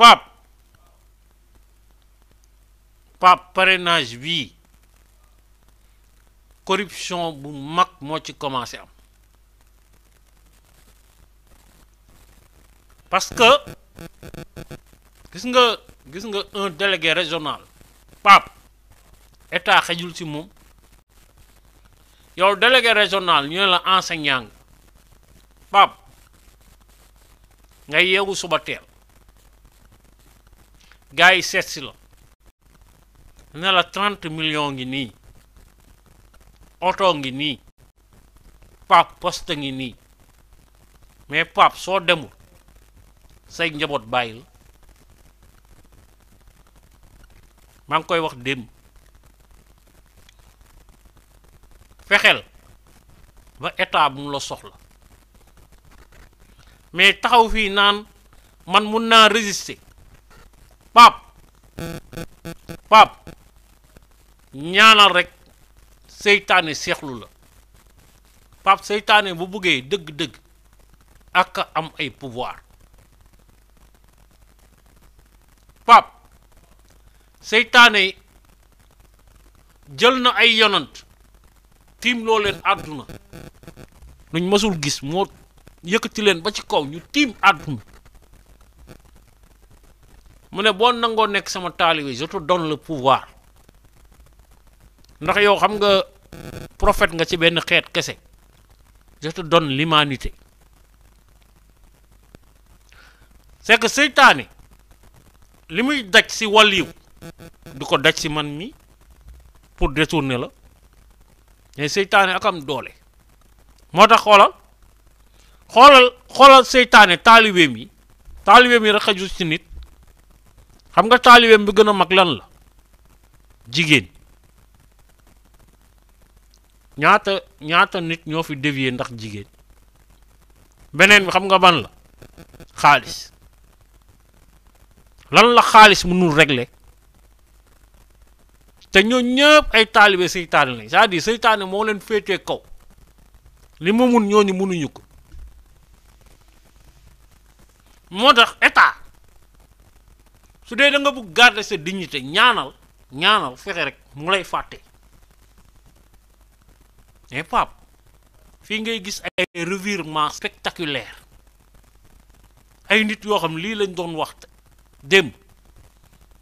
pap pap parrainage vie, corruption bu mak moi tu commencé parce que gis nga un délégué régional pap état à ci a yow délégué régional y la enseignant pap Pape gars yi seet la ne la trente millions ngi nii oto ngi nii pap poste ngi nii mais pap soo demul say njaboot bàyyi la maa ngi koy wax démb fexel ba état bu mu la soxla mais taxaw fii naan man mun naa résister pap pap ñaanal rek seytaane seexlu la pap seytaane bu bëggee dëgg-dëgg ak am ay pouvoir pap seytaane jël na ay yonant tiim loo leen àdduna luñ mësul gis moo yëkkati leen ba ci kaw ñu tiim àdduna mu ne boo nangoo nekk sama taalibe je te donne le pouvoir ndax yow xam nga prophète nga ci benn xeet kese je te donne l'humanité c'est que seytaane li muy daj si wàlliw du ko daj si man mi pour détourner la mais seytaane ak am doole moo tax xoolal xoolal xoolal seytaane taalibeem yi taalibeem yi rek xajul si nit xam nga taalibeem bu gën a mag lan la jigéen ñaata ñaata nit ñoo fi dévier ndax jigéen beneen bi xam nga ban la xaalis lan la xaalis mu mënul régler te ñoo ñëpp ay taalibe seytaane lañ c'est-à-dire seytaane moo leen féetee kaw li mu mun ñooñu mënuñu ko moo tax état su dee da nga bu garder sa dignité ñaanal ñaanal fexe rek mu lay fàtte mais eh, pap fi ngay gis ay revirement spectaculaire ay nit yoo xam lii lañ doon wax dem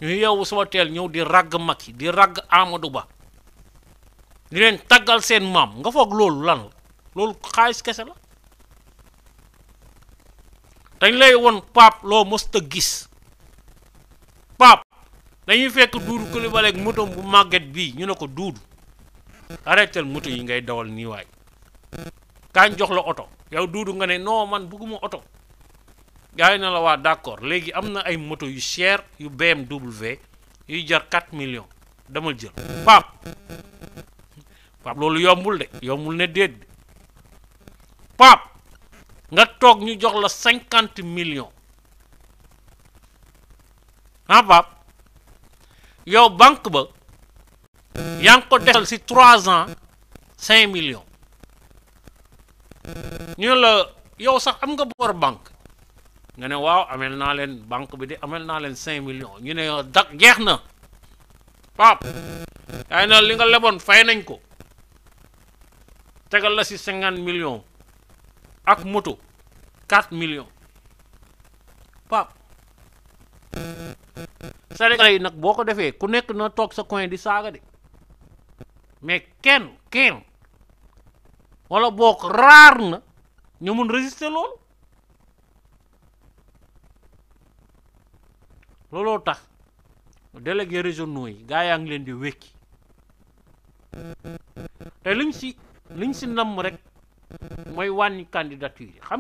ñu yow sama teel ñëw di ràgg makki di ràgg Amadou Ba di leen tàggal seen maam nga foog loolu lan la loolu xaalis kese la dañ lay won pap loo musta gis dañuy fekk duudu këli baleeg motom bu màgget bii ñu ne ko duudu arrêtel moto yi ngay dawal nii waay kaañ jox la oto yow duudu nga ne non man bugguma oto gars yi ne la waa d' accord léegi am na ay moto yu cher yu BMW yuy jar 4 millions damal jël paap paap loolu yombul de yombul ne déet de paap nga toog ñu jox la 50 millions ah paap yo bank ba yang ko defal si 3 ans 5 millions ñu la yo sax am nga bor bank, nga ne waaw amel nalen len bank bi de amel nalen len 5 millions ñu ne dak jeexna pap ay na li nga lebon fay nañ ko tegal la ci 50 millions ak moto 4 millions pap Sénégalais yi nag boo ko defee ku nekk na toog sa coin di saaga de mais kenn kenn wala book raar na ñu mun résister loolu looloo tax délégué régionaux yi gaa yaa ngi leen di wékki te liñ si liñ si namm rek mooy wàññi candidature xam